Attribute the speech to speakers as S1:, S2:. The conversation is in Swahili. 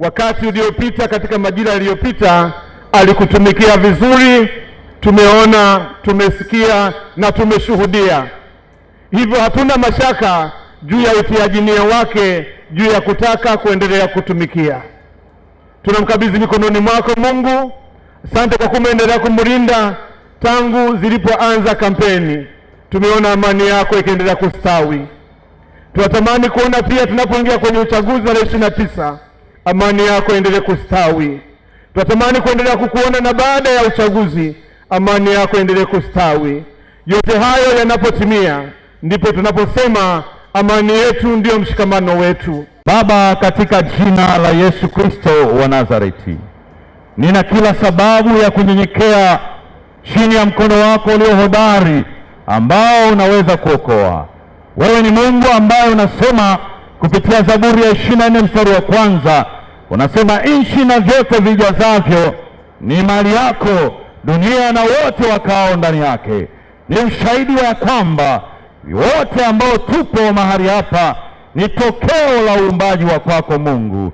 S1: wakati uliopita, katika majira yaliyopita alikutumikia vizuri. Tumeona, tumesikia na tumeshuhudia, hivyo hatuna mashaka juu ya utiaji nia wake juu ya kutaka kuendelea kutumikia. Tunamkabidhi mikononi mwako Mungu. Asante kwa kumeendelea kumrinda tangu zilipoanza kampeni. Tumeona amani yako ikiendelea kustawi. Tunatamani kuona pia tunapoingia kwenye uchaguzi tarehe ishirini na tisa amani yako endelee kustawi. Tunatamani kuendelea kukuona na baada ya uchaguzi, amani yako endelee kustawi. Yote hayo yanapotimia, ndipo tunaposema amani yetu ndiyo mshikamano wetu.
S2: Baba, katika jina la Yesu Kristo wa Nazareti, nina kila sababu ya kunyenyekea chini ya mkono wako ulio hodari ambao unaweza kuokoa. Wewe ni Mungu ambaye unasema kupitia Zaburi ya ishirini na nne mstari wa kwanza Unasema nchi na vyote vijazavyo ni mali yako, dunia na wote wakao ndani yake ni ushahidi wa kwamba wote ambao tupo mahali hapa ni tokeo la uumbaji wa kwako Mungu.